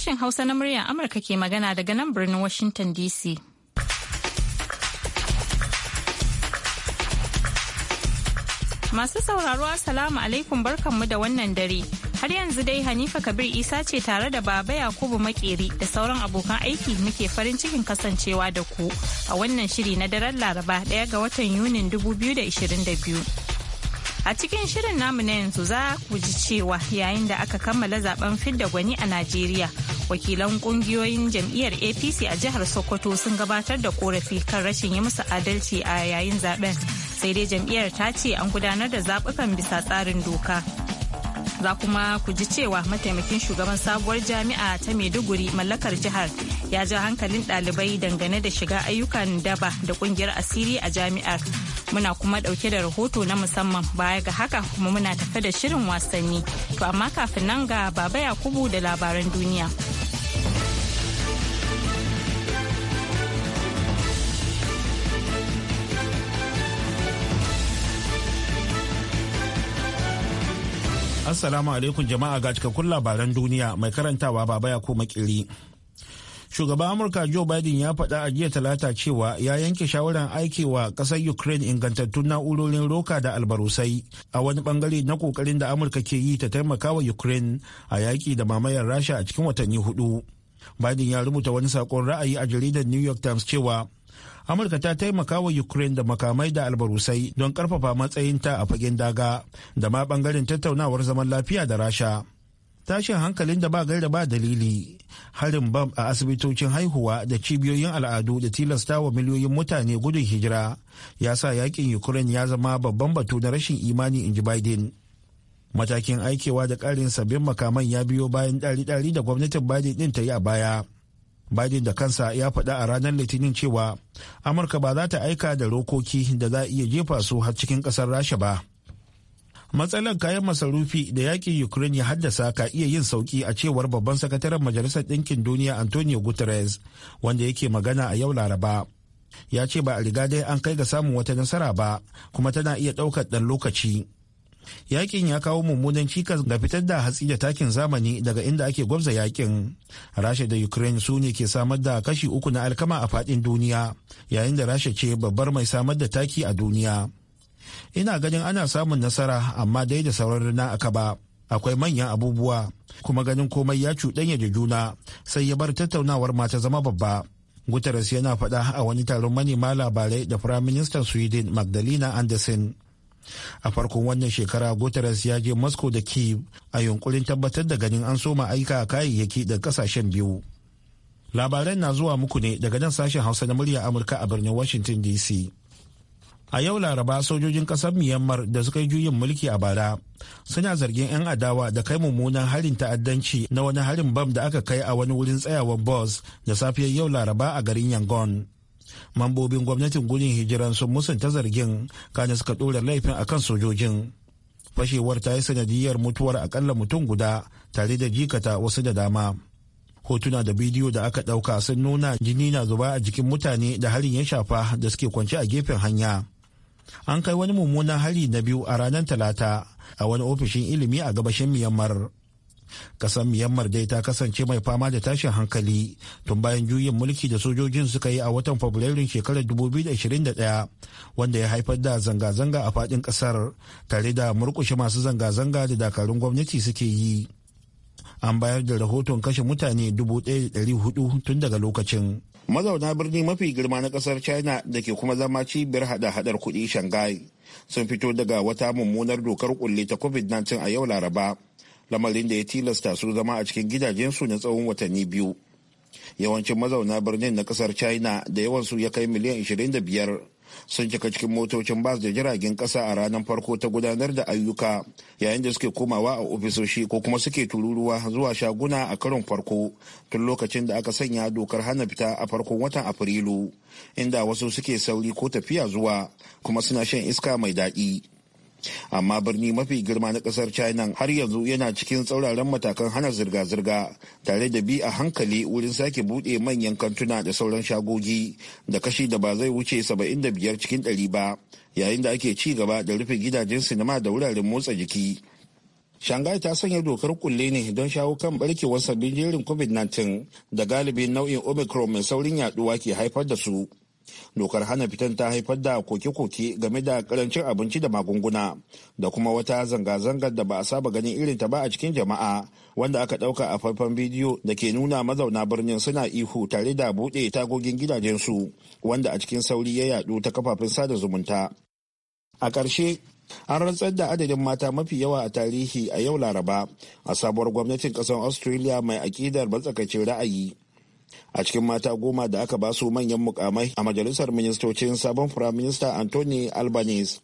Sashen Hausa na muryar Amurka ke magana daga nan birnin Washington DC. Masu sauraro Assalamu alaikum barkanmu da wannan dare. Har yanzu dai Hanifa Kabir Isa ce tare da Baba Yakubu Makeri da sauran abokan aiki muke farin cikin kasancewa da ku a wannan shiri na daren Laraba ɗaya ga watan Yunin 2022. A cikin shirin namu na yanzu za ku ji cewa yayin da aka kammala zaben fidda gwani a Najeriya, wakilan kungiyoyin jam'iyyar APC a jihar Sokoto sun gabatar da korafi kan rashin yi musu adalci a yayin zaben. Sai dai jam'iyyar ta ce an gudanar da zaɓukan bisa tsarin doka. za kuma ku ji cewa mataimakin shugaban sabuwar jami'a ta maiduguri mallakar jihar ya ja hankalin dalibai dangane da shiga ayyukan daba da kungiyar asiri a jami'ar muna kuma ɗauke da rahoto na musamman baya ga haka kuma muna tafe da shirin wasanni to amma kafin nan ga baba yakubu da labaran duniya. Assalamu alaikum jama'a ga cikakkun labaran duniya mai karantawa baba ya koma kiri. Shugaban Amurka Joe Biden ya faɗa a jiya talata cewa ya yanke shawarar wa ƙasar Ukraine ingantattun na'urorin roka da albarusai a wani bangare na kokarin da Amurka ke yi ta taimaka wa Ukraine a yaƙi da mamayar Rasha a cikin watanni hudu. Biden ya rubuta wani saƙon ra'ayi a jaridar New York Times cewa amurka ta taimaka wa ukraine da makamai da albarusai don karfafa matsayinta a fagen daga da ma bangaren tattaunawar zaman lafiya da rasha tashin hankalin da ba gaira ba dalili harin bam a asibitocin haihuwa da cibiyoyin al'adu da tilasta wa miliyoyin mutane gudun hijira ya sa yakin ukraine ya zama babban batu na rashin imani in ji biden matakin aikewa da karin sabbin makaman ya biyo bayan ɗari-ɗari da gwamnatin biden ɗin ta yi a baya Biden da kansa ya faɗa a ranar Litinin cewa Amurka ba za ta aika da rokoki da za iya jefa su har cikin ƙasar Rasha ba. Matsalar kayan masarufi da yaƙin Ukraine ya haddasa ka iya yin sauki a cewar babban sakataren Majalisar Ɗinkin Duniya Antonio Guterres wanda yake magana a yau Laraba. Ya ce ba a riga dai an kai ga samun wata nasara ba kuma tana iya ɗaukar ɗan lokaci. yakin ya kawo mummunan cikas ga fitar da hatsi da takin zamani daga inda ake gwabza yakin rasha da ukraine su ne ke samar da kashi uku na alkama a fadin duniya yayin da rasha ce babbar mai samar da taki a duniya ina ganin ana samun nasara amma dai da sauran rana aka ba akwai manyan abubuwa kuma ganin komai ya cuɗanya da juna sai ya bar tattaunawar mata zama babba Guterres yana faɗa a wani taron manema labarai da Firaministan Sweden Magdalena Andersen. a farkon wannan shekara guterres ya je moscow da kiev a yunkurin tabbatar da ganin an soma aika a kayayyaki da kasashen biyu labaran na zuwa muku ne daga nan sashen hausa na murya amurka a birnin washington dc a yau laraba sojojin kasar myanmar da suka yi juyin mulki a bara suna zargin 'yan adawa da kai mummunan harin ta'addanci na wani harin bam da aka kai a wani wurin tsayawar bus da safiyar yau laraba a garin yangon mambobin gwamnatin gudun hijiran sun musanta zargin kana suka ɗora laifin akan sojojin fashewar ta yi sanadiyar mutuwar akalla mutum guda tare da jikata wasu da dama hotuna da bidiyo da aka ɗauka sun nuna jini na zuba a jikin mutane da harin ya shafa da suke kwance a gefen hanya an kai wani mummunan hari na biyu a ranar talata a wani ofishin ilimi a gabashin myanmar kasan Myanmar dai ta kasance mai fama da tashin hankali tun bayan juyin mulki da sojojin suka yi a watan Fabrairun shekarar 2021 wanda ya haifar da zanga-zanga a fadin kasar tare da murkushe masu zanga-zanga da dakarun gwamnati suke yi. An bayar da rahoton kashe mutane 1,400 tun daga lokacin. Mazauna birni mafi girma na kasar China da ke kuma zama cibiyar hada-hadar kudi Shanghai sun fito daga wata mummunar dokar kulle ta COVID-19 a yau Laraba. lamarin da ya tilasta su zama a cikin gidajensu na tsawon watanni biyu yawancin mazauna birnin na kasar china da yawansu ya kai miliyan 25 sun cika cikin motocin bas da jiragen kasa a ranar farko ta gudanar da ayyuka yayin da suke komawa a ofisoshi ko kuma suke tururuwa zuwa shaguna a karon farko tun lokacin da aka sanya dokar hana fita a farkon watan afrilu inda wasu suke sauri ko tafiya zuwa kuma suna shan iska mai daɗi amma birni mafi girma na kasar china har yanzu yana cikin tsauraran matakan hana zirga-zirga tare da bi a hankali wurin sake bude manyan kantuna da sauran shagogi da kashi da ba zai wuce 75 cikin 100 ba yayin da ake ci gaba da rufe gidajen sinima da wuraren motsa jiki Shanghai ta sanya dokar kulle ne don shawo kan barkewar sabbin jerin COVID-19 da galibin nau'in Omicron mai saurin yaduwa ke haifar da su. dokar hana fitan ta haifar da koke-koke game da karancin abinci da magunguna da kuma wata zanga-zangar da ba a saba ganin irin ta ba a cikin jama'a wanda aka dauka a faifan bidiyo da ke nuna mazauna birnin suna ihu tare da bude tagogin gidajen su wanda a cikin sauri ya yadu ta kafafen sada zumunta a ƙarshe an rantsar da adadin mata mafi yawa a tarihi a yau laraba a sabuwar gwamnatin ƙasar australia mai aƙidar matsakaicin ra'ayi a cikin mata goma da aka ba su manyan mukamai a majalisar ministocin sabon firaminista anthony albanese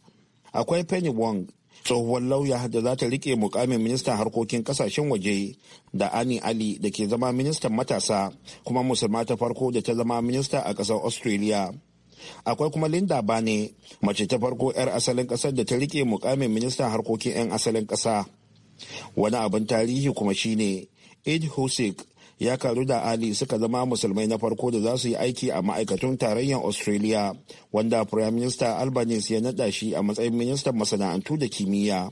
akwai penny wong tsohuwar lauya da za ta rike mukamin ministan harkokin kasashen waje da ani ali da ke zama ministan matasa kuma musulma ta farko da ta zama minista a ƙasar australia akwai kuma linda bane mace ta farko 'yar asalin ƙasar da ta rike mukamin ministan harkokin 'yan asalin ƙasa wani abin tarihi kuma shine id husik ya karu da ali suka zama musulmai na farko da za su yi aiki a ma'aikatun tarayyar australia wanda prime minister albanese ya nada shi a matsayin ministan masana'antu da kimiyya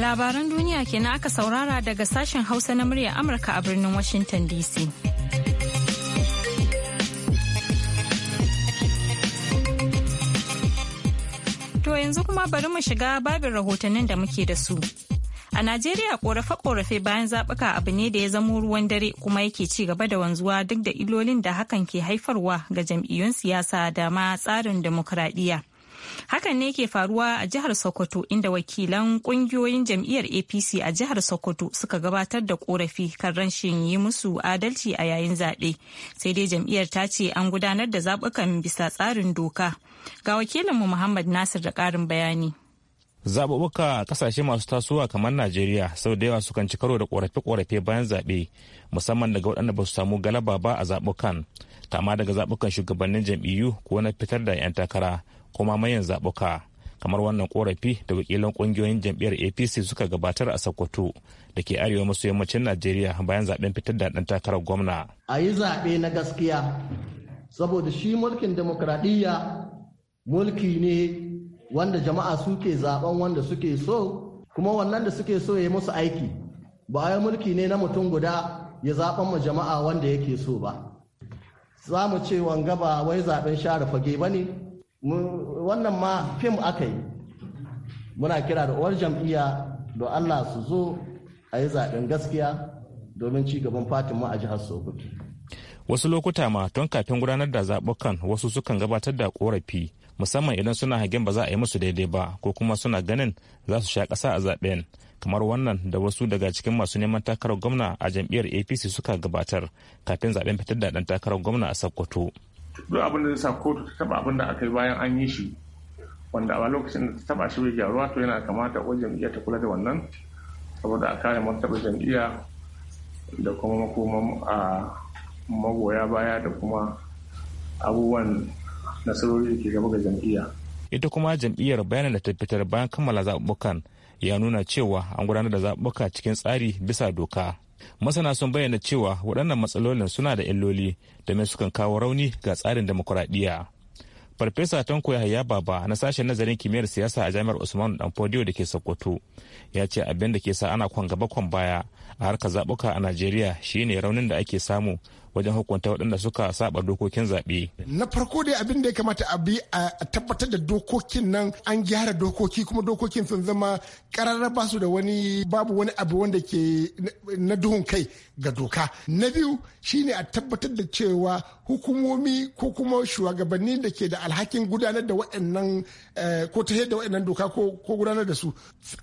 Labaran duniya kenan aka saurara daga sashen Hausa na murya Amurka a birnin Washington DC. yanzu kuma bari mu shiga babin rahotannin da muke da su. A Najeriya korafe-korafe bayan zaɓuka abu ne da ya zamo ruwan dare kuma yake ci gaba da wanzuwa duk da ilolin da hakan ke haifarwa ga jam'iyyun siyasa da ma tsarin demokuraɗiyya. Hakan ne ke faruwa a jihar Sokoto inda wakilan kungiyoyin jam'iyyar APC a jihar Sokoto suka gabatar da korafi kan rashin yi musu adalci a yayin zaɓe. Sai dai jam'iyyar ta ce an gudanar da zaɓukan bisa tsarin doka. Ga wakilinmu Muhammad Nasir da karin bayani. zaɓuɓɓuka a ƙasashe masu tasowa kamar najeriya sau da yawa sukan ci karo da ƙorafe-ƙorafe bayan zaɓe musamman daga waɗanda ba su samu galaba ba a zaɓukan kama daga zaɓukan shugabannin jam'iyyu ko na fitar da 'yan takara ko mayan zaɓuka kamar wannan ƙorafi da wakilan ƙungiyoyin jam'iyyar apc suka gabatar a sokoto da ke arewa maso yammacin najeriya bayan zaɓen fitar da ɗan takarar gwamna a yi zaɓe na gaskiya saboda shi mulkin demokradiyya mulki ne wanda jama'a suke zaben wanda suke so kuma wannan da suke so ya yi musu aiki ba ya mulki ne na mutum guda ya zaben ma jama'a wanda yake so ba za mu ce wanga ba wai zaben share fage ba ne wannan ma fim aka yi muna kira da uwar jam'iyya da allah su zo a yi zaben gaskiya domin ci gaban fatinmu a jihar sokoto wasu lokuta ma tun kafin gudanar da zaɓukan wasu sukan gabatar da korafi musamman idan suna hagen ba za a yi musu daidai ba ko kuma suna ganin za su sha kasa a zaben kamar wannan da wasu daga cikin masu neman takarar gwamna a jam'iyyar apc suka gabatar kafin zaben fitar da dan takarar gwamna a sokoto duk abin da zai sa kotu ta taba abin da aka yi bayan an yi shi wanda a lokacin da ta taba shi bai gyaruwa to yana kamata wajen jam'iyya ta kula da wannan saboda a kare martaba jam'iyya da kuma makoman a magoya baya da kuma abubuwan nasarori da ke gaba ga jam'iyya. ita kuma jam'iyyar bayanin da ta fitar bayan kammala zaɓuɓɓukan ya nuna cewa an gudanar da zaɓuɓɓuka cikin tsari bisa doka masana sun bayyana cewa waɗannan matsalolin suna da illoli da mai sukan kawo rauni ga tsarin demokuraɗiyya farfesa tanko yahaya baba na sashen nazarin kimiyyar siyasa a jami'ar Usman danfodiyo da ke sokoto ya ce abin da ke sa ana kwan gaba kwan baya a harkar zaɓuka a najeriya shine raunin da ake samu wajen hukunta waɗanda suka saba dokokin zaɓe. Na farko dai abin da ya kamata a bi a tabbatar da dokokin nan an gyara dokoki kuma dokokin sun zama ƙararra ba su da wani babu wani abu wanda ke na duhun kai ga doka. Na biyu shine a tabbatar da cewa hukumomi ko kuma shugabanni da ke da alhakin gudanar da waɗannan eh, ko ta yadda waɗannan doka ko gudanar da su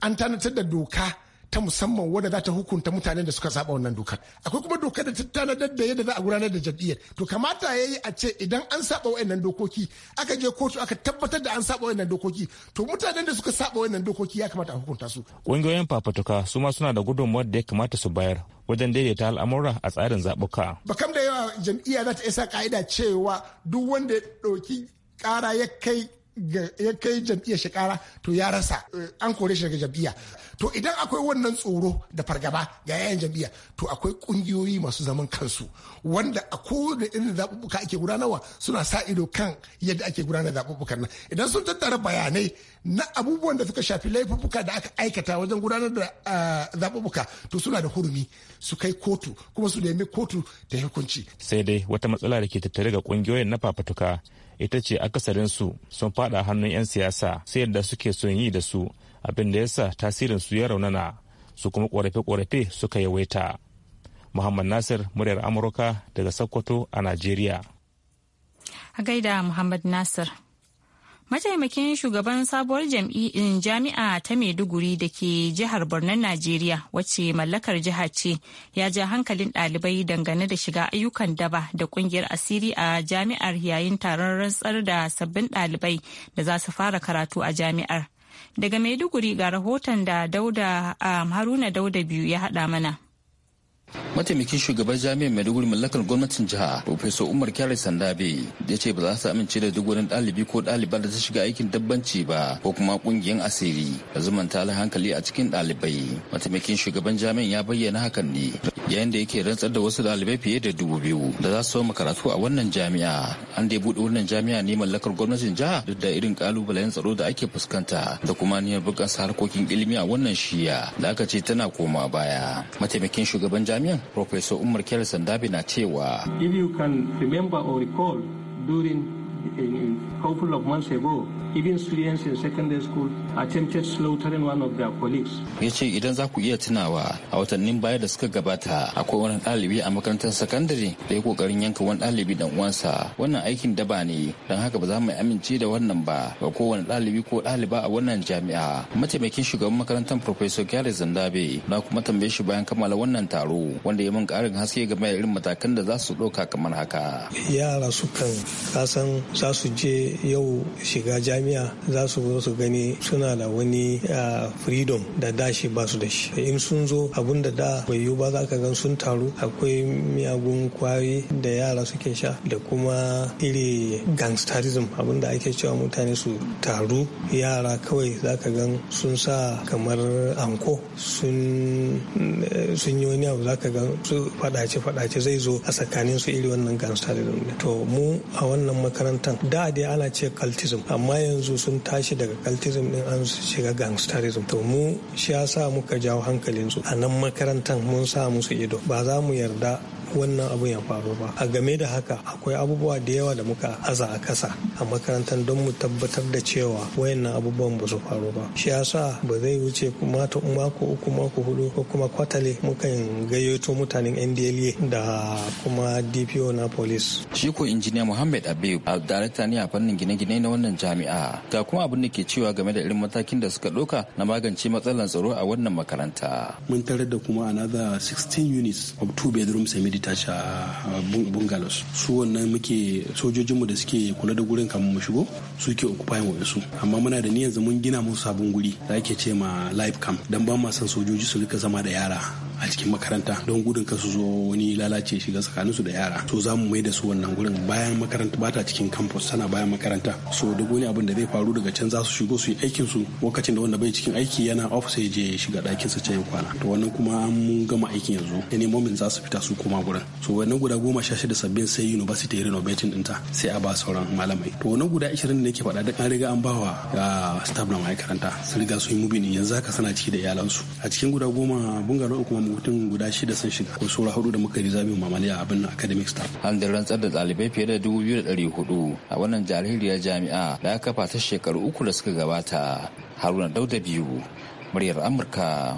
an tanatar da doka ta musamman wadda za ta hukunta mutanen da suka saba wannan dokar akwai kuma dokar da ta tanadar da yadda za a gudanar da jam'iyyar to kamata ya yi a ce idan an saba wayannan dokoki aka je kotu aka tabbatar da an saba wayannan dokoki to mutanen da suka saba wayannan dokoki ya kamata a hukunta su ƙungiyoyin fafatuka su ma suna da gudunmuwar da ya kamata su bayar wajen daidaita al'amura a tsarin zaɓuka. Bakam da yawa jam'iyya za ta isa ka'ida cewa duk wanda ya ɗauki ƙara ya kai ya kai jam'iyyar shi to ya rasa eh, an kore shi daga jam'iyya to idan akwai wannan tsoro da fargaba ga yayan jam'iyya to akwai kungiyoyi masu zaman kansu wanda a kowane irin zaɓuɓɓuka ake gudanarwa suna sa ido kan yadda ake gudanar da zaɓuɓɓukan nan idan sun tattara bayanai na abubuwan da suka shafi laifuka da aka aikata wajen gudanar da eh, zaɓuɓɓuka to suna da hurumi su kai kotu kuma su nemi kotu da hukunci. sai dai wata matsala da ke tattare ga ƙungiyoyin na fafatuka ita ce akasarin su sun fada hannun 'yan siyasa sai yadda suke son yi da su abin da yasa tasirin su ya raunana su kuma ƙorafe-ƙorafe suka yawaita. Muhammad Nasir muryar Amurka daga Sokoto a Najeriya. A gaida Muhammad Nasir. mataimakin shugaban sabuwar jami'in jami'a ta maiduguri da ke jihar Bornan najeriya wacce mallakar jiha ce ya ja hankalin ɗalibai dangane da shiga ayyukan daba da kungiyar asiri a jami'ar yayin taron rantsar da sabbin ɗalibai da za su fara karatu a jami'ar daga maiduguri ga rahoton da dauda um, haruna dauda biyu ya haɗa mana mataimakin shugaban jami'ar maiduguri mallakar gwamnatin jiha profesa umar Kyari sandabe ya ce ba za su amince da duk wani ɗalibi ko ɗaliba da ta shiga aikin dabbanci ba ko kuma kungiyar asiri da zumunta hankali a cikin ɗalibai mataimakin shugaban jami'ar ya bayyana hakan ne yayin da yake rantsar da wasu ɗalibai fiye da dubu biyu da za su soma karatu a wannan jami'a an dai buɗe wannan jami'a ne mallakar gwamnatin jiha duk da irin kalubalen tsaro da ake fuskanta da kuma niyyar bunƙasa harkokin ilimi a wannan shiya da aka ce tana koma baya mataimakin shugaban jami'an professor umar kyar sandabi na cewa if you can remember or recall during a couple of months ago even students in secondary school attempted slaughtering one of their colleagues. Ya ce idan za ku iya tunawa a watannin baya da suka gabata akwai wani ɗalibi a makarantar sakandare da ya kokarin yanka wani ɗalibi dan uwansa wannan aikin daba ne don haka ba za mu amince da wannan ba ga kowane ɗalibi ko ɗaliba a wannan jami'a. Mataimakin shugaban makarantar Professor Gary Zandabe na kuma tambaye shi bayan kammala wannan taro wanda ya min ƙarin haske game da irin matakan da za su ɗauka kamar haka. Yara sukan kasan za su je yau shiga jami'a jami'a za su zo su gani suna da wani freedom da dashi ba su da shi in sun zo abun da da bai yiwu ba za ka gan sun taru akwai miyagun kwari da yara suke sha da kuma iri gangsterism abun da ake cewa mutane su taru yara kawai za ka gan sun sa kamar anko sun yi wani abu za ka gan su fadace fadace zai zo a tsakanin su iri wannan gangsterism to mu a wannan makarantar da dai ana ce cultism amma yanzu sun tashi daga cultism din an shiga gangsterism to mu shi ya sa muka jawo hankalinsu a nan makarantar mun sa musu ido ba za mu yarda wannan abun ya faru ba a game da haka akwai abubuwa da yawa da muka aza a kasa a makarantar don mu tabbatar da cewa wayannan abubuwan ba su faru ba shi yasa ba zai wuce kuma ta mako uku mako hudu ko kuma kwatale mukan gayyato mutanen ndla da kuma dpo na police shi ko injiniya muhammad abe darakta ne a fannin gine-gine na wannan jami'a ga kuma abin da ke cewa game da irin matakin da suka ɗauka na magance matsalar tsaro a wannan makaranta mun tare da kuma another 16 units of two bedroom semi detach ah, a bungalows su wannan muke sojojinmu da suke kula da gurin kamun mu shigo suke occupying wa'insu amma muna da niyyar mun gina musu sabon guri da ake ce ma live camp dan ba ma son sojoji su rika zama da yara a cikin makaranta don gudun ka su zo wani lalace shiga tsakanin su da yara to za mu mai da su wannan gurin bayan makaranta ba ta cikin campus sana bayan makaranta so duk wani abin da zai faru daga can za su shigo su yi aikin su lokacin da wanda bai cikin aiki yana office ya je shiga ɗakin sa can kwana to wannan kuma mun gama aikin yanzu ne moment za su fita su koma gurin so wannan guda goma sha shida sabbin sai university renovating ɗinta sai a ba sauran malamai to wannan guda ashirin ne ke faɗa duk an riga an bawa wa ah, staff na makaranta. sun riga sun yi mubini yanzu haka suna ciki da iyalansu a cikin guda goma bungalo kuma mutum guda shida sun shiga ko sura hudu da muka yi zabi mamaliya abin academic staff an da rantsar da ɗalibai fiye da dubu biyu da ɗari hudu a wannan jaririyar jami'a da aka kafa ta shekaru uku da suka gabata haruna dauda biyu muryar amurka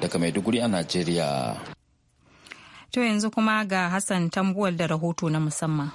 daga maiduguri a najeriya to yanzu kuma ga hassan tambuwal da rahoto na musamman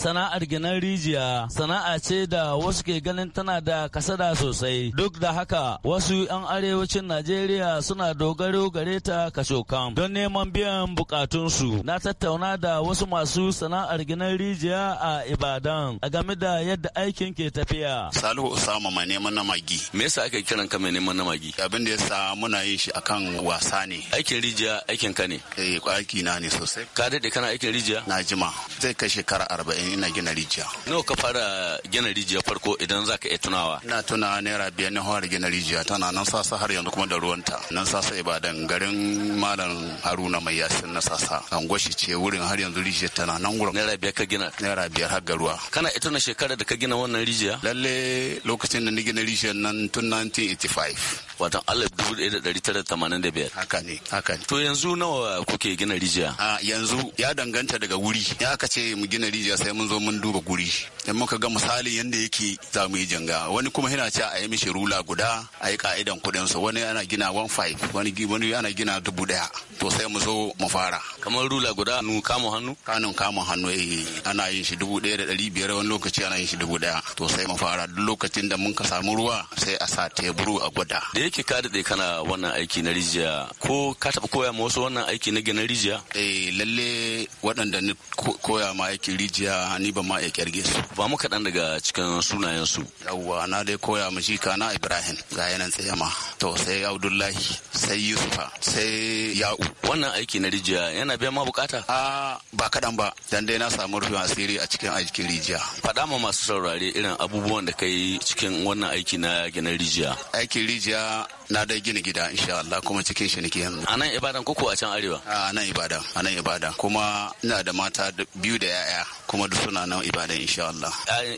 sana'ar ginin rijiya sana'a ce da wasu ke ganin tana da kasada sosai duk da haka wasu 'yan arewacin najeriya suna dogaro gare ta kacokan don neman biyan bukatunsu na tattauna da wasu masu sana'ar ginin rijiya a ibadan a game da yadda aikin ke tafiya salihu usama mai neman na magi me yasa aka kiran ka mai neman na magi abin da yasa muna yin shi akan wasa ne aikin rijiya aikin ka ne eh aiki na ne sosai ka dade kana aikin rijiya na jima zai kai shekara arba'in ina gina rijiya. Nawa ka fara gina rijiya farko idan zaka iya tunawa? Ina tuna naira biyar na fara gina rijiya tana nan sasa har yanzu kuma da ruwanta. Nan sasa Ibadan garin Malam Haruna mai yasin na sasa. Angwashi ce wurin har yanzu rijiyar tana nan wurin. Naira biyar ka gina? Naira biyar har ruwa. Kana iya tuna shekarar da ka gina wannan rijiya? Lalle lokacin da ni gina rijiyar nan tun 1985. watan alif dubu ɗaya da ɗari tara tamanin da biyar haka ne haka ne to yanzu nawa kuke gina rijiya a yanzu ya danganta daga wuri ya aka ce mu gina rijiya sai mun zo mun duba guri in muka ga misalin yanda yake za mu yi janga wani kuma yana cewa a yi mishi rula guda a yi ka'idan kuɗin su wani ana gina 15 wani wani ana gina dubu ɗaya to sai mu zo mu fara kamar rula guda nu kamun hannu kanun kamun hannu eh ana yin shi dubu ɗaya da ɗari biyar wani lokaci ana yin shi dubu ɗaya to sai mu fara duk lokacin da mun ka samu ruwa sai a sa teburu a gwada da yake ka daɗe kana wannan aiki na rijiya ko ka taɓa koya ma wasu wannan aiki na gina rijiya? Eh lalle waɗanda ni koya ma aikin rijiya ni ba ma ya kyarge su. Ba mu kaɗan daga cikin sunayen su. Yawwa na dai koya ma jika na Ibrahim ga yanan ma To sai Abdullahi sai Yusufa sai Ya'u. Wannan aiki na rijiya yana biyan ma bukata? A ba kaɗan ba dan dai na samu rufin asiri a cikin aikin rijiya. Faɗa ma masu saurare irin abubuwan da kai cikin wannan aiki na gina rijiya. Aikin rijiya uh, na dai gina gida insha Allah kuma cikin shi nake yanzu a nan ibadan ko a can arewa a nan ibadan a nan ibadan kuma ina da mata biyu da yaya kuma duk suna nan ibadan insha Allah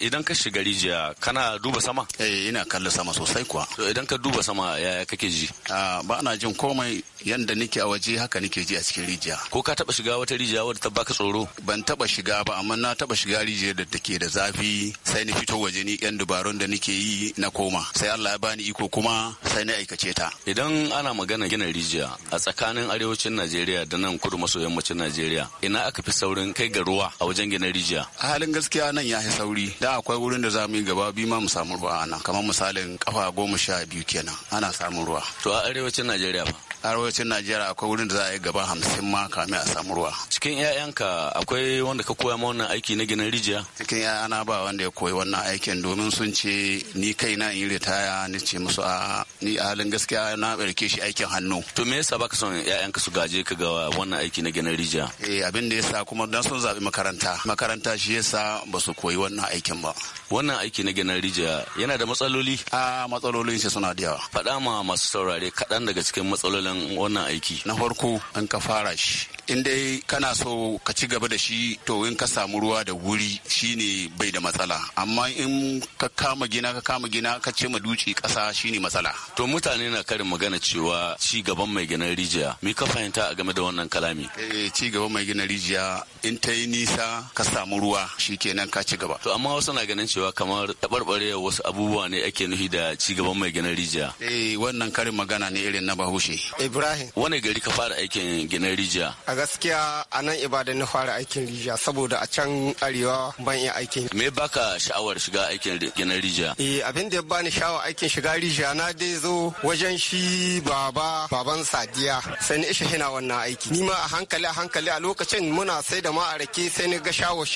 idan ka shiga rijiya kana duba sama eh ina kallo sama sosai kuwa to idan ka duba sama yaya kake ji a ba na jin komai yanda nake a waje haka nake ji a cikin rijiya ko ka taba shiga wata rijiya wadda ta baka tsoro ban taba shiga ba amma na taba shiga rijiyar da take da zafi sai ni fito waje ni yan dubarun da nake yi na koma sai Allah ya bani iko kuma sai na aikace ce ta idan ana magana gina rijiya a tsakanin arewacin najeriya da nan kudu maso yammacin najeriya ina aka fi saurin kai ga ruwa a wajen gina rijiya a halin gaskiya nan ya fi sauri da akwai wurin da za mu yi gaba biyu ma mu samu ruwa a nan kamar misalin kafa goma sha biyu kenan ana samun ruwa to a arewacin najeriya fa arewacin najeriya akwai wurin da za a yi gaba hamsin ma kamin a samu ruwa cikin 'ya'yanka akwai wanda ka koya ma wannan aiki na ginin rijiya cikin 'ya'yana ba wanda ya koyi wannan aikin domin sun ce ni kai in yi ritaya ni ce musu a ni a halin gaskiya na ɗauke shi aikin hannu to me yasa baka son 'ya'yanka su gaje ka ga wannan aiki na ginin rijiya eh abin da yasa kuma dan sun zabi makaranta makaranta shi yasa ba su koyi wannan aikin ba wannan aiki na ginin rijiya yana da matsaloli a ah, matsalolin shi suna da yawa faɗa ma masu saurare kaɗan daga cikin matsalolin wannan wannan aiki na farko an ka fara shi in dai kana so ka ci gaba da shi to in ka samu ruwa da wuri shine bai da matsala amma in ka kama gina ka kama gina ka ce ma duci kasa shine matsala to mutane na karin magana cewa ci gaban mai gina rijiya me ka fahimta a game da wannan kalami eh ci gaban mai gina rijiya in ta yi nisa ka samu ruwa shikenan ka ci gaba to amma wasu na ganin cewa kamar tabarbare wasu abubuwa ne ake nufi da ci gaban mai gina rijiya eh wannan karin magana ne irin na bahushe Ibrahim. Wane gari ka fara aikin ginin rijiya? A gaskiya a nan Ibadan na fara aikin rijiya saboda a can arewa ban iya aikin. Me baka sha'awar shiga aikin ginin rijiya? Eh, abin da ya bani sha'awar aikin shiga rijiya na dai zo wajen shi baba baban Sadiya sai ni ishe hina wannan aiki. Ni ma a hankali a hankali a lokacin muna sai da ma a rake sai ni ga shawar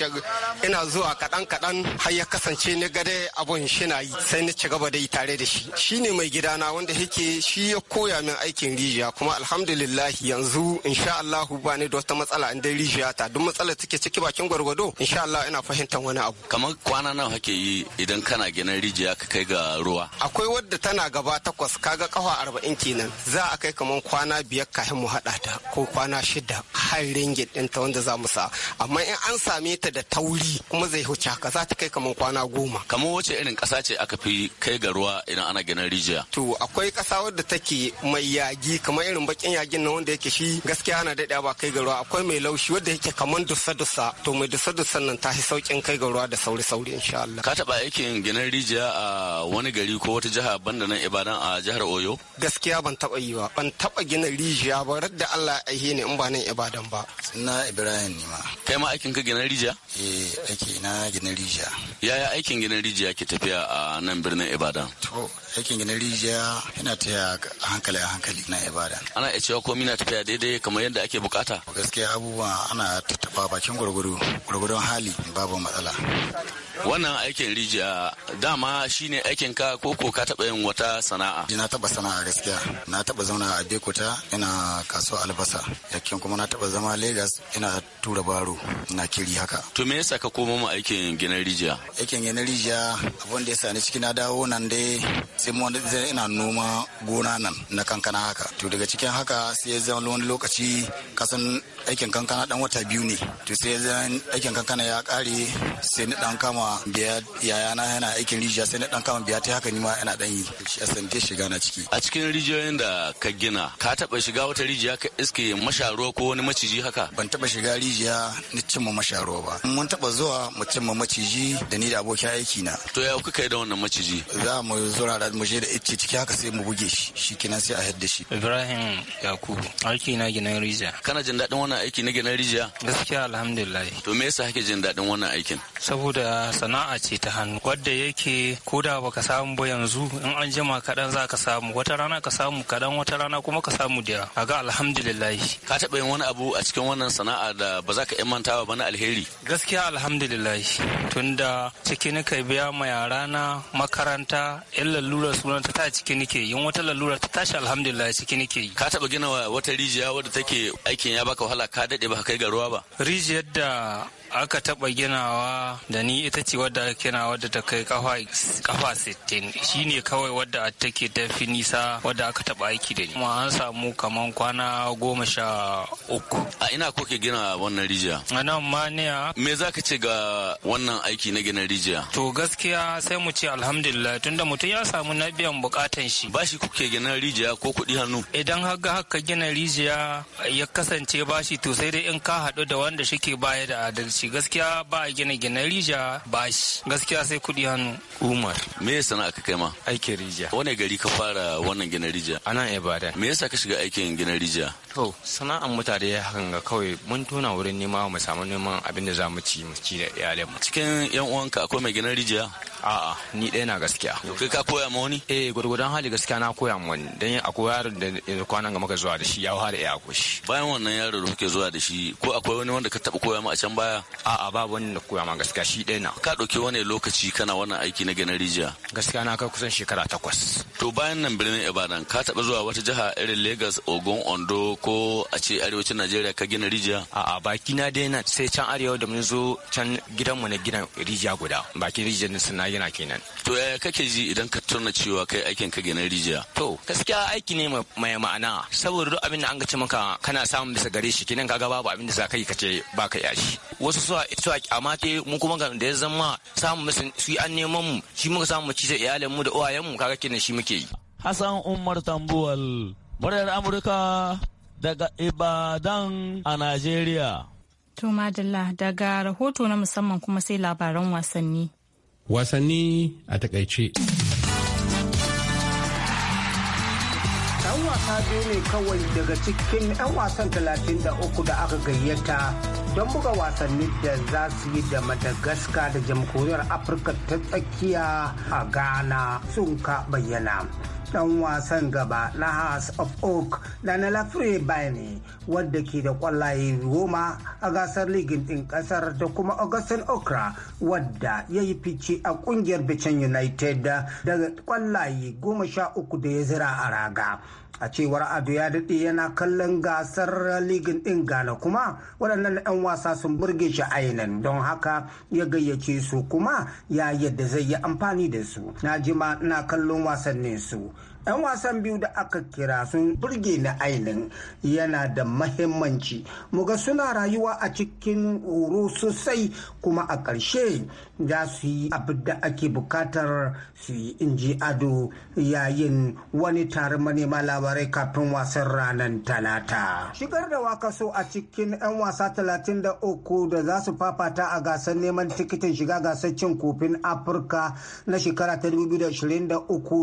ina zuwa kaɗan kaɗan har ya kasance ni ga dai abun shi na yi sai ni ci gaba da yi tare da shi. Shi ne mai gidana wanda yake shi ya koya min aikin rijiya. rijiya kuma alhamdulillah yanzu insha Allah ba ne da wata matsala in dai rijiya ta duk matsala take ciki bakin gwargwado insha Allah ina fahimtar wani abu kamar kwana nawa kake yi idan kana ginin rijiya ka kai ga ruwa akwai wadda tana gaba takwas kaga kafa arba'in kenan za a kai kamar kwana biyar kafin mu haɗa ta ko kwana shida har ringin ta wanda za mu sa amma in an same ta da tauri kuma zai huce ka za ta kai kamar kwana goma kamar wace irin kasa ce aka fi kai ga ruwa idan ana ginin rijiya to akwai kasa wadda take mai yagi kamar irin bakin yagin na wanda yake shi gaskiya ana daɗa ba kai ga ruwa akwai mai laushi wanda yake kamar dusa-dusa to mai dusa dusa nan ta fi saukin kai ga ruwa da sauri-sauri insha Allah. Ka taɓa aikin ginin rijiya a wani gari ko wata jiha banda nan Ibadan a jihar Oyo? Gaskiya ban taɓa yi ba ban taɓa gina rijiya ba radda Allah ya ne in ba nan Ibadan ba. Na Ibrahim ne ma. Kai ma aikin ka gina rijiya? Eh aiki na gina rijiya. Yaya aikin gina rijiya ke tafiya a nan birnin Ibadan? To aikin gina rijiya yana taya a hankali a hankali na ibada ana iya cewa komi na tafiya daidai kamar yadda ake bukata gaskiya abubuwa ana tattafa bakin gwargwaro gwargwadon hali babu matsala wannan aikin rijiya dama shine aikin ka ko ko ka taba yin wata sana'a na taba sana'a gaskiya na taba zauna a Bekuta ina kasuwa albasa yakin kuma na taba zama Lagos ina tura baro ina kiri haka to me yasa ka koma mu aikin ginin rijiya aikin ginin rijiya abun da yasa ni ciki na dawo nan dai sai mu ina noma gona nan na kankana haka to daga cikin haka sai ya zama wani lokaci kasan aikin kankana dan wata biyu ne to sai ya aikin kankana ya kare sai ni dan kama kama biya yayana yana aikin rijiya sai na dan kama biya ta haka nima yana dan yi shi asante shiga na ciki a cikin rijiyoyin da ka gina ka taba shiga wata rijiya ka iske masharuwa ko wani maciji haka ban taba shiga rijiya ni cimma masharuwa ba mun taba zuwa mu cimma maciji da ni da abokin aiki na to ya kuka yi da wannan maciji za mu zura da mu je da icce ciki haka sai mu buge shi shi kenan sai a hadda shi ibrahim yakubu aiki na gina rijiya kana jin dadin wannan aiki na gina rijiya gaskiya alhamdulillah to me yasa kake jin dadin wannan aikin saboda sana'a ce ta hannu wadda yake koda baka samu ba yanzu in an jima kaɗan za ka samu wata rana ka samu kaɗan wata rana kuma ka samu da ga alhamdulillah ka taɓa yin wani abu a cikin wannan sana'a da ba za ka imanta ba na alheri gaskiya alhamdulillah tunda ciki nake biya ma yara na makaranta in lalura sunan ta ciki nake yin wata lalura ta tashi alhamdulillah ciki nake yi ka taɓa gina wata rijiya wadda take aikin ya baka wahala ka daɗe ba kai ga ruwa ba rijiyar da aka taɓa ginawa da ni ita ce wadda kina wadda ta kai kafa 60 shine kawai wadda take tafi nisa wadda aka taɓa aiki da ni kuma an samu kaman kwana goma sha uku a ina kuke gina wannan rijiya a nan maniya me za ka ce ga wannan aiki na gina rijiya to gaskiya sai mu ce alhamdulillah tunda mutum ya samu na biyan bukatan shi ba shi kuke gina rijiya ko kuɗi hannu idan haka haka gina rijiya ya kasance bashi to sai dai in ka haɗu da wanda shike baya da adalci shi gaskiya ba gine gine rija bashi gaskiya sai kudi hannu umar me yasa na aka kai ma aikin rija wani gari ka fara wannan gina rija ana ibadan me yasa ka shiga aikin gina rija to sana'an mutane ya hakan ga kawai mun tona wurin nema mu samu neman abin da za mu ci mu ci da iyalan mu cikin yan uwanka akwai mai gina rija A'a, ni ɗaya na gaskiya. Kai ka koya ma wani? Eh, gwargwadon hali gaskiya na koya ma wani. Dan akwai yaron da kwanan ga muka zuwa da shi ya ya ko shi. Bayan wannan yaro da kuke zuwa da shi, ko akwai wani wanda ka taɓa koya ma a can baya? A'a, babu wani da koya ma gaskiya shi ɗaya na. Ka ɗauki wani lokaci kana wannan aiki na ganin rijiya? Gaskiya na kai kusan shekara takwas. To bayan nan birnin Ibadan, ka taɓa zuwa wata jiha irin Lagos, Ogun, Ondo ko a ce arewacin Najeriya ka gina rijiya? A'a, baki na dai na sai can arewa da mun zo can gidanmu na gidan rijiya guda. Baki rijiyar na gina kenan to ya kake ji idan ka turna cewa kai aikin ka gina rijiya to gaskiya aiki ne mai ma'ana saboda duk abin da an gace maka kana samun bisa gare shi kenan kaga babu abin da za ka yi kace ba ka yashi wasu su su amma te mu kuma ga da ya zama samun musu su an neman mu shi muka samu ci da iyalan mu da uwayen mu kaga kenan shi muke yi Hassan Umar Tambuwal muryar Amurka daga Ibadan a Najeriya To Madalla daga rahoto na musamman kuma sai labaran wasanni. wasanni a takaice. Ɗan wasa biyu ne kawai daga cikin 'yan wasan 33 da aka gayyata don buga wasannin da za su yi da Madagascar da jamhuriyar Afirka ta tsakiya a Ghana sun ka bayyana. dan wasan gaba na House of Oak da na Lafre Bane wadda ke da kwallaye goma a gasar ligin ɗin ƙasar da kuma Augustin Okra wadda ya yi fice a ƙungiyar Bichon United daga kwallaye goma sha uku da ya zira a raga. a cewar ado ya daɗe yana kallon gasar ligin ɗin ghana kuma waɗannan 'yan wasa sun burge shi ainihin don haka ya gayyace su kuma ya yadda zai yi amfani da su na jima ina kallon wasannin su 'yan wasan biyu da aka kira sun burge na ainin yana da mahimmanci muga suna rayuwa a cikin horo sosai kuma a ƙarshe za su yi abin da ake bukatar su yi inji ado yayin wani taron manema labarai kafin wasan ranar talata shigar da waka so a cikin 'yan wasa 33 da za su fafata a gasar neman tikitin shiga gasar cin kofin afirka na shekara ta 2023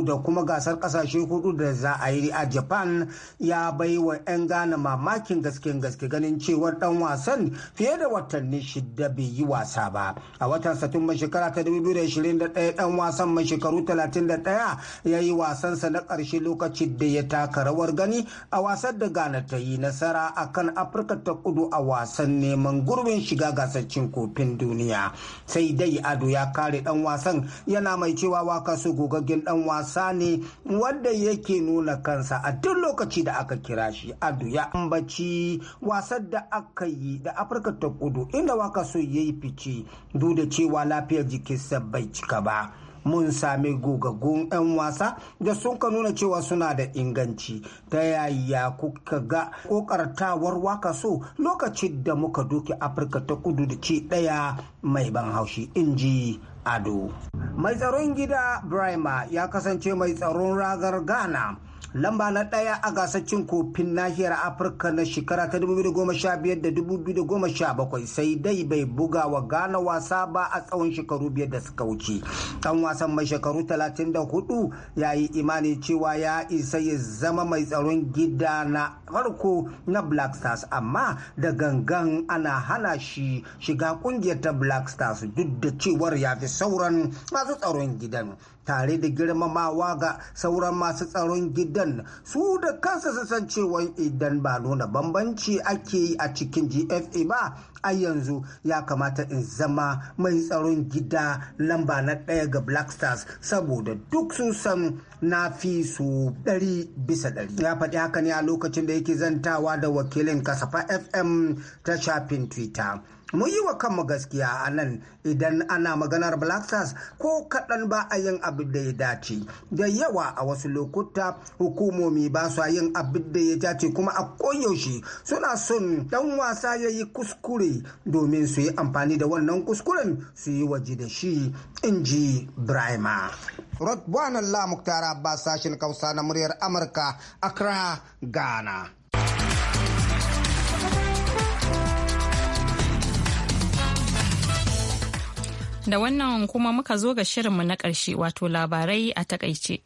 da kuma gasar ƙasashe kasashe hudu da za a yi a japan ya bai wa 'yan ghana mamakin gaske gaske ganin cewar dan wasan fiye da watanni shida bai yi wasa ba a watan satumba shekara ta 2021 dan wasan mai shekaru 31 ya yi wasansa na karshe lokacin da ya taka rawar gani a wasan da ghana ta yi nasara a kan afirka ta kudu a wasan neman gurbin shiga gasar kofin duniya sai dai ado ya kare dan wasan yana mai cewa waka su gogaggen dan wasa ne wanda da yake nuna kansa a duk lokaci da aka kira shi adu ya ambaci wasan da aka yi da afirka ta kudu inda waka so ya yi fice duk da cewa lafiyar jikinsa bai cika ba mun sami gogaggun 'yan wasa da sun ka nuna cewa suna da inganci ta yaya kuka ga kokartawar waka so lokacin da muka doke afirka ta kudu da ce daya mai ban haushi inji ado mai tsaron gida brima ya kasance mai tsaron ragar ghana lamba na ɗaya a gasar cin kofin nahiyar afirka na shekara ta 2015 da 2017 sai dai bai buga wa ghana wasa ba a tsawon shekaru biyar da suka wuce ɗan wasan mai shekaru 34 ya yi imani cewa ya isa ya zama mai tsaron gida na farko na black stars amma da gangan ana hana shi shiga kungiyar ta black stars duk da cewar ya fi sauran masu tsaron gidan tare da girmamawa ga sauran masu tsaron gidan su da kansa su san cewa idan ba nuna bambanci ake yi a cikin gfa ba a yanzu ya kamata in zama mai tsaron gida lamba na ɗaya ga black stars saboda duk sun san na fi su ɗari bisa ɗari ya faɗi haka ne a lokacin da yake zantawa da wakilin kasafa fm ta shafin twitter mu yi wa kanmu gaskiya a nan idan ana maganar black stars ko kaɗan ba a yin abin da ya dace da yawa a wasu lokuta hukumomi ba su yin abin da ya dace kuma a koyaushe suna son dan wasa ya yi kuskure domin su yi amfani da wannan kuskuren su yi waje da shi in ji brahima rotbuan allah muktar sashen kausa na muryar amurka accra ghana Da wannan kuma muka zo ga shirinmu na ƙarshe wato labarai a takaice.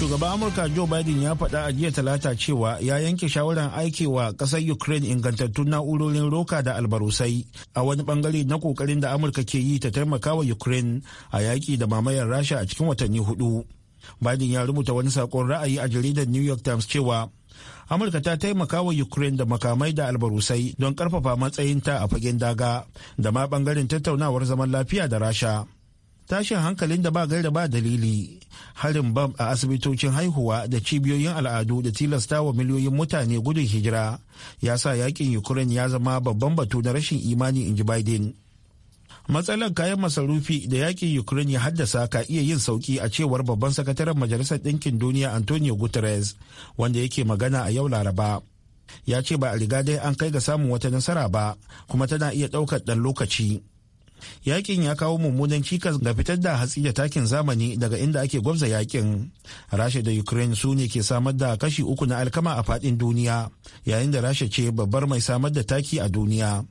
shugaban amurka joe biden ya faɗa a jiya talata cewa ya yanke shawarar wa ƙasar ukraine ingantattun na'urorin roka da albarusai a wani bangare na kokarin da amurka ke yi ta taimaka wa ukraine a yaƙi da mamayar rasha a cikin watanni hudu Biden ya rubuta wani sakon ra'ayi a jaridar New York Times cewa Amurka ta taimaka wa Ukraine da makamai da albarusai don karfafa matsayinta a fagen daga da ma bangaren tattaunawar zaman lafiya da Rasha. Tashin hankalin da ba da ba dalili, harin bam a asibitocin haihuwa da cibiyoyin al'adu da tilasta wa miliyoyin mutane gudun hijira ya sa yakin Ukraine ya zama babban batu na rashin imani in ji Biden. matsalar kayan masarufi da yakin ukraine ya haddasa ka iya yin sauki a cewar babban sakataren majalisar ɗinkin duniya antonio guterres wanda yake magana a yau laraba ya ce ba a riga dai an kai ga samun wata nasara ba kuma tana iya ɗaukar ɗan lokaci yakin ya kawo mummunan cikas ga fitar da hatsi da takin zamani daga inda ake gwamza yakin rasha da ukraine su ne ke samar da kashi uku na alkama a faɗin duniya yayin da rasha ce babbar mai samar da taki a duniya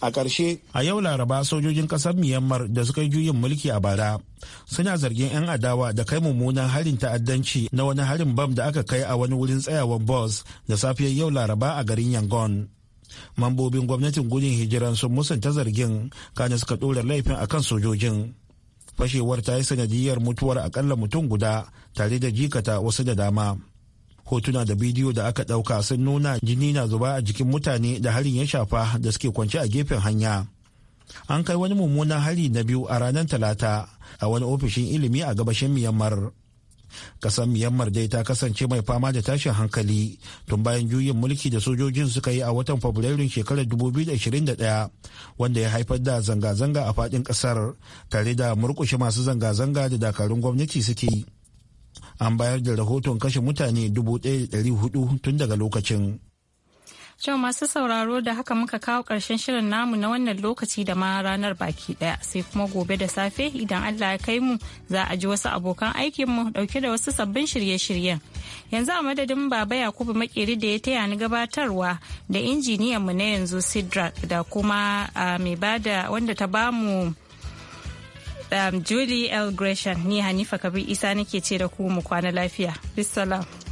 a ƙarshe a yau laraba sojojin ƙasar myanmar da suka yi juyin mulki a bara suna zargin 'yan adawa da kai mummunan harin ta'addanci na wani harin bam da aka kai a wani wurin tsayawan bus da safiyar yau laraba a garin yangon mambobin gwamnatin gudun hijiran sun musanta zargin kana suka ɗora laifin a kan sojojin fashewar ta yi sanadiyar mutuwar ƙalla mutum guda tare da jikata wasu da dama hotuna da bidiyo da aka ɗauka sun nuna jini na zuba a jikin mutane da harin ya shafa da suke kwance a gefen hanya an kai wani mummunan hari na biyu a ranar talata a wani ofishin ilimi a gabashin myanmar kasan myanmar dai ta kasance mai fama da tashin hankali tun bayan juyin mulki da sojojin suka yi a watan fabrairun shekarar 2021 wanda ya haifar da zanga-zanga a fadin kasar tare da murƙushe masu zanga-zanga da dakarun gwamnati suke yi an bayar da rahoton kashe mutane 1,400 tun daga lokacin. Jau masu sauraro da haka muka kawo ƙarshen shirin namu na wannan lokaci da ma ranar baki ɗaya sai kuma gobe da safe idan Allah ya kai mu za a ji wasu abokan aikinmu ɗauke da wasu sabbin shirye-shiryen. Yanzu a madadin Baba Yakubu Makeri da ya taya ni gabatarwa da injiniyan mu na yanzu Sidra da kuma ah, mai bada wanda ta bamu um, Julie L. Gresham ni Hanifa Kabir Isa nake ce da ku mu kwana lafiya. Bisalam.